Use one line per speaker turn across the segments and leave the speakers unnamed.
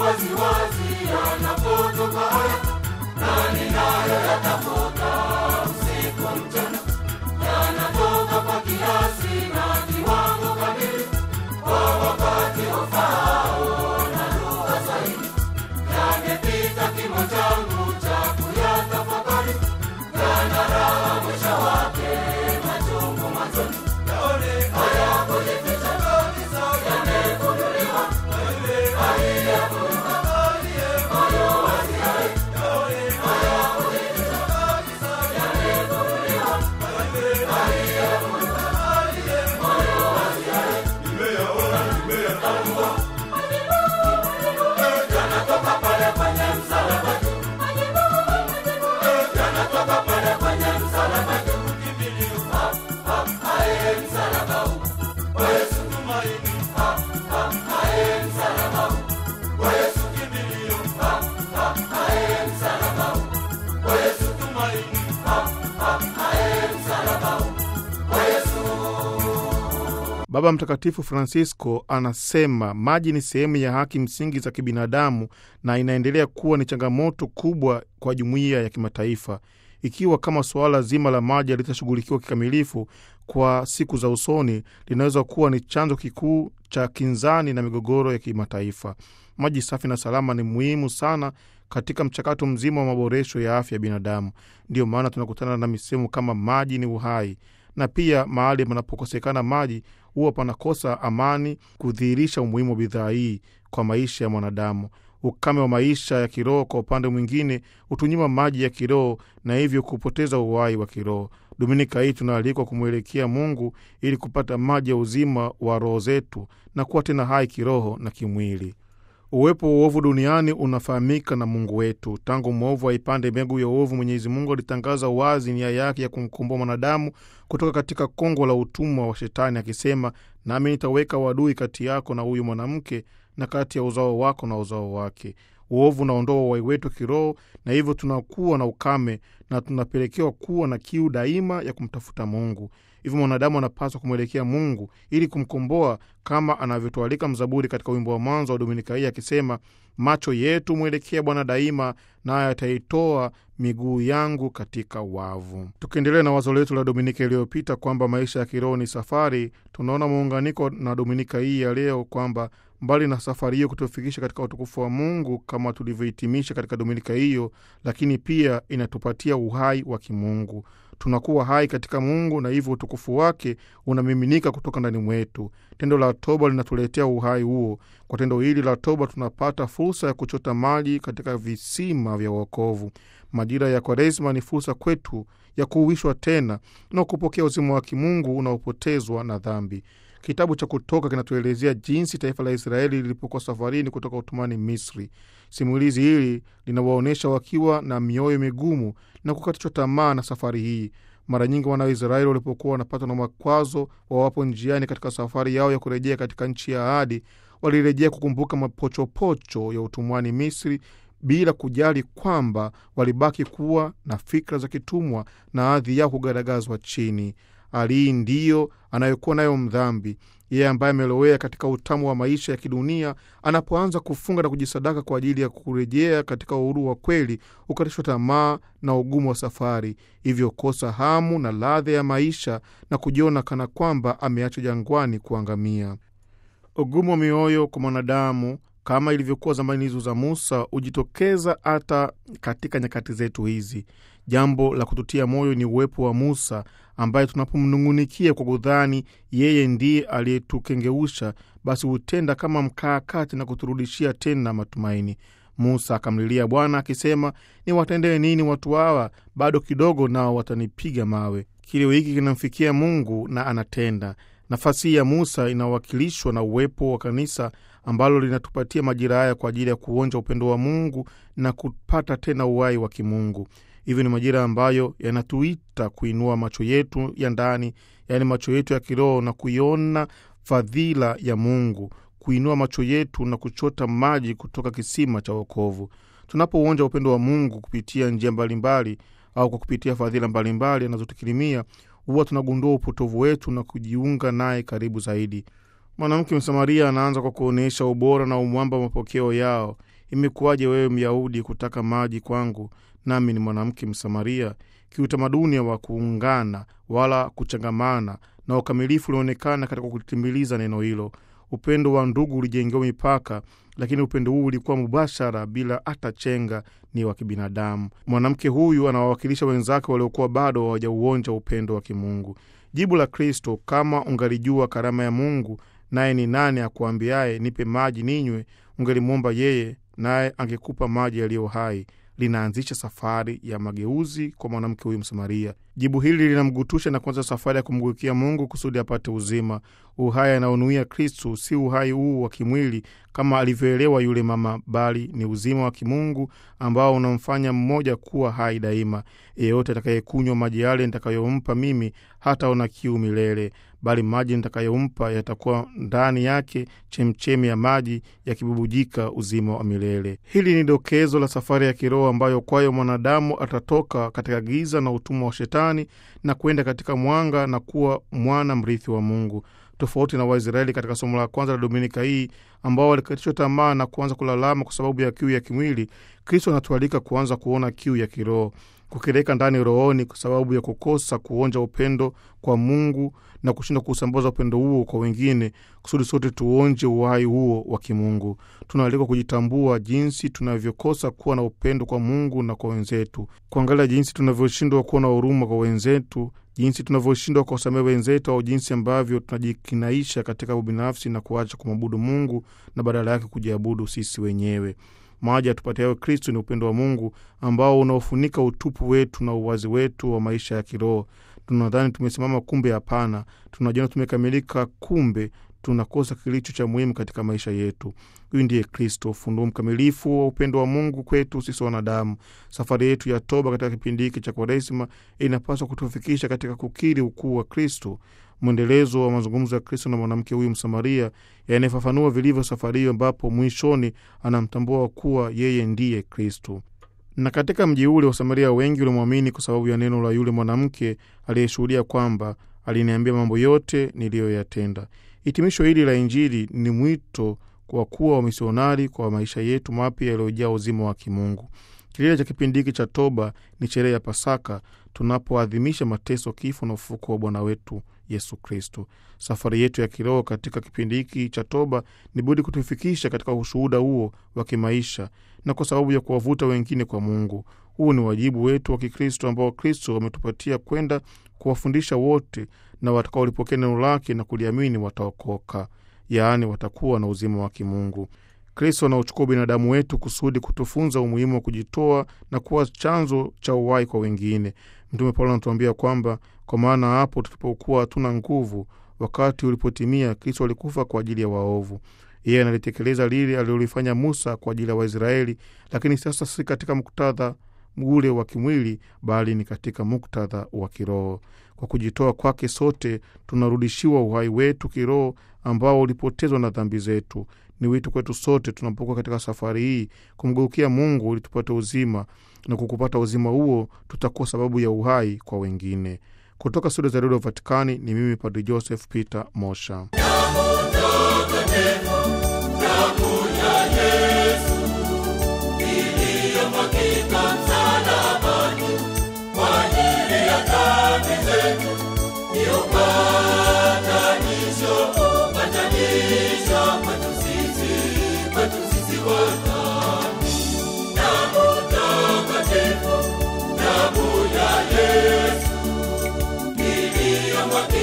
wazi wazi ana
Baba Mtakatifu Francisco anasema maji ni sehemu ya haki msingi za kibinadamu na inaendelea kuwa ni changamoto kubwa kwa jumuiya ya kimataifa. Ikiwa kama suala zima la maji litashughulikiwa kikamilifu kwa siku za usoni, linaweza kuwa ni chanzo kikuu cha kinzani na migogoro ya kimataifa. Maji safi na salama ni muhimu sana katika mchakato mzima wa maboresho ya afya ya binadamu. Ndiyo maana tunakutana na misemo kama maji ni uhai, na pia mahali panapokosekana maji huwa panakosa amani kudhihirisha umuhimu wa bidhaa hii kwa maisha ya mwanadamu. Ukame wa maisha ya kiroho kwa upande mwingine hutunyima maji ya kiroho na hivyo kupoteza uhai wa kiroho. Dominika hii tunaalikwa kumwelekea Mungu ili kupata maji ya uzima wa roho zetu na kuwa tena hai kiroho na kimwili. Uwepo wa uovu duniani unafahamika na Mungu wetu. Tangu mwovu aipande mbegu ya uovu, Mwenyezi Mungu alitangaza wazi nia yake ya kumkomboa mwanadamu kutoka katika kongo la utumwa wa Shetani akisema, nami nitaweka wadui kati yako na huyu mwanamke na kati ya uzao wako na uzao wake. Uovu unaondoa uwai wetu kiroho, na hivyo tunakuwa na ukame na tunapelekewa kuwa na kiu daima ya kumtafuta Mungu. Hivyo mwanadamu anapaswa kumwelekea Mungu ili kumkomboa, kama anavyotwalika mzaburi katika wimbo wa mwanzo wa Dominika hii akisema, macho yetu mwelekea Bwana daima, naye ataitoa miguu yangu katika wavu. Tukiendelea na wazo letu la Dominika iliyopita kwamba maisha ya kiroho ni safari, tunaona muunganiko na Dominika hii ya leo kwamba mbali na safari hiyo kutufikisha katika utukufu wa Mungu kama tulivyohitimisha katika dominika hiyo, lakini pia inatupatia uhai wa kimungu. Tunakuwa hai katika Mungu na hivyo utukufu wake unamiminika kutoka ndani mwetu. Tendo la toba linatuletea uhai huo. Kwa tendo hili la toba, tunapata fursa ya kuchota maji katika visima vya uokovu. Majira ya Kwaresma ni fursa kwetu ya kuuwishwa tena na kupokea uzima wa kimungu unaopotezwa na dhambi. Kitabu cha Kutoka kinatuelezea jinsi taifa la Israeli lilipokuwa safarini kutoka utumani Misri. Simulizi hili linawaonyesha wakiwa na mioyo migumu na kukatishwa tamaa na safari hii. Mara nyingi wana Waisraeli walipokuwa wanapatwa na makwazo wawapo njiani katika safari yao ya kurejea katika nchi ya ahadi, walirejea kukumbuka mapochopocho ya utumwani Misri bila kujali kwamba walibaki kuwa na fikra za kitumwa na ardhi yao kugaragazwa chini alii ndiyo anayokuwa nayo mdhambi yeye ambaye amelowea katika utamu wa maisha ya kidunia anapoanza kufunga na kujisadaka kwa ajili ya kurejea katika uhuru wa kweli, ukatishwa tamaa na ugumu wa safari, hivyo kosa hamu na ladha ya maisha na kujiona kana kwamba ameacha jangwani kuangamia. Ugumu wa mioyo kwa mwanadamu kama ilivyokuwa zamani hizo za Musa hujitokeza hata katika nyakati zetu hizi. Jambo la kututia moyo ni uwepo wa Musa ambaye tunapomnung'unikia kwa kudhani yeye ndiye aliyetukengeusha, basi hutenda kama mkaakati na kuturudishia tena matumaini. Musa akamlilia Bwana akisema, watendee nini watu hawa? Bado kidogo, nao watanipiga mawe. Kilio hiki kinamfikia Mungu na anatenda. Nafasi ya Musa inawakilishwa na uwepo wa kanisa ambalo linatupatia majira haya kwa ajili ya kuonja upendo wa Mungu na kupata tena uwai wa kimungu. Hivyo ni majira ambayo yanatuita kuinua macho yetu ya ndani, yaani macho yetu ya kiroho na kuiona fadhila ya Mungu, kuinua macho yetu na kuchota maji kutoka kisima cha wokovu. Tunapouonja upendo wa Mungu kupitia njia mbalimbali au kwa kupitia fadhila mbalimbali anazotukirimia, huwa tunagundua upotovu wetu na kujiunga naye karibu zaidi. Mwanamke Msamaria anaanza kwa kuonyesha ubora na umwamba wa mapokeo yao. Imekuwaje wewe Myahudi kutaka maji kwangu, nami ni mwanamke Msamaria, kiutamaduni wa kuungana wala kuchangamana, na ukamilifu ulionekana katika kutimiliza neno hilo. Upendo wa ndugu ulijengewa mipaka, lakini upendo huu ulikuwa mubashara, bila hata chenga, ni wa kibinadamu. Mwanamke huyu anawawakilisha wenzake waliokuwa bado hawajauonja upendo wa kimungu. Jibu la Kristo, kama ungalijua karama ya Mungu, naye ni nane akuambiaye nipe maji ninywe, ungelimwomba yeye, naye angekupa maji yaliyo hai linaanzisha safari ya mageuzi kwa mwanamke huyu Msamaria Jibu hili linamgutusha na kuanza safari ya kumgukia Mungu kusudi apate uzima. Uhai anaonuia Kristu si uhai huu wa kimwili kama alivyoelewa yule mama, bali ni uzima wa kimungu ambao unamfanya mmoja kuwa hai daima. Yeyote atakayekunywa maji yale nitakayompa mimi hataona kiu milele, bali maji nitakayompa yatakuwa ndani yake chemchemi ya maji yakibubujika uzima wa milele. Hili ni dokezo la safari ya kiroho ambayo kwayo mwanadamu atatoka katika giza na utumwa wa shetani ndani na kwenda katika mwanga na kuwa mwana mrithi wa Mungu tofauti na Waisraeli katika somo la kwanza la Dominika hii ambao walikatishwa tamaa na kuanza kulalama kwa sababu ya kiu ya kimwili, Kristo anatualika kuanza kuona kiu ya kiroho, kukereka ndani rohoni kwa sababu ya kukosa kuonja upendo kwa Mungu na kushindwa kuusambaza upendo huo kwa wengine, kusudi sote tuonje uhai huo wa kimungu. Tunaalikwa kujitambua jinsi tunavyokosa kuwa na upendo kwa Mungu na kwa wenzetu, kuangalia jinsi tunavyoshindwa kuwa na huruma kwa wenzetu jinsi tunavyoshindwa kuwasamea wenzetu au jinsi ambavyo tunajikinaisha katika ubinafsi na kuacha kumwabudu Mungu na badala yake kujiabudu sisi wenyewe. Maji yatupatayo kristu ni upendo wa Mungu ambao unaofunika utupu wetu na uwazi wetu wa maisha ya kiroho. Tunadhani tumesimama, kumbe hapana. Tunajiona tumekamilika, kumbe tunakosa kilicho cha muhimu katika maisha yetu. Huyu ndiye Kristo, funduo mkamilifu wa upendo wa Mungu kwetu sisi wanadamu. Safari yetu ya toba katika kipindi hiki cha Kwaresima inapaswa kutufikisha katika kukiri ukuu wa Kristo, mwendelezo wa mazungumzo ya Kristo na mwanamke huyu Msamaria yanayefafanua vilivyo safari hiyo, ambapo mwishoni anamtambua kuwa yeye ndiye Kristo na katika mji ule Wasamaria wengi ulimwamini kwa sababu ya neno la yule mwanamke aliyeshuhudia kwamba aliniambia mambo yote niliyoyatenda. Hitimisho hili la Injili ni mwito kwa kuwa wamisionari kwa maisha yetu mapya yaliyojaa uzima wa kimungu. Kilele cha kipindi hiki cha toba ni sherehe ya Pasaka, tunapoadhimisha mateso, kifo na ufuko wa Bwana wetu Yesu Kristo. Safari yetu ya kiroho katika kipindi hiki cha toba ni budi kutufikisha katika ushuhuda huo wa kimaisha na kwa sababu ya kuwavuta wengine kwa Mungu. Huu ni wajibu wetu wa Kikristo ambao Wakristo wametupatia kwenda kuwafundisha wote na watakaolipokea neno lake na kuliamini wataokoka, yaani watakuwa na uzima wa kimungu. Kristo anaochukua binadamu wetu kusudi kutufunza umuhimu wa kujitoa na kuwa chanzo cha uwai kwa wengine. Mtume Paulo anatuambia kwamba kwa maana hapo tulipokuwa hatuna nguvu, wakati ulipotimia, Kristo alikufa kwa ajili ya waovu. Yeye analitekeleza lile alilolifanya Musa kwa ajili ya Waisraeli, lakini sasa si katika muktadha ule wa kimwili, bali ni katika muktadha wa kiroho. Kwa kujitoa kwake sote tunarudishiwa uhai wetu kiroho ambao ulipotezwa na dhambi zetu. Ni wito kwetu sote tunapokuwa katika safari hii kumgeukia Mungu ili tupate uzima, na kwa kupata uzima huo tutakuwa sababu ya uhai kwa wengine. Kutoka studio za redio Vatikani ni mimi Padri Joseph Peter Mosha.
somewhat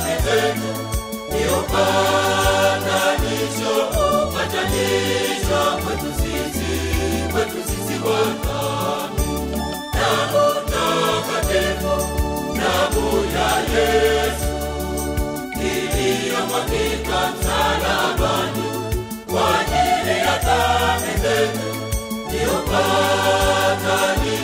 dhambi zetu ni upatanisho, upatanisho kwetu sisi, kwetu sisi wanadamu. Damu takatifu, damu ya Yesu iliyomwagika msalabani kwa ajili ya dhambi zetu ni upatanisho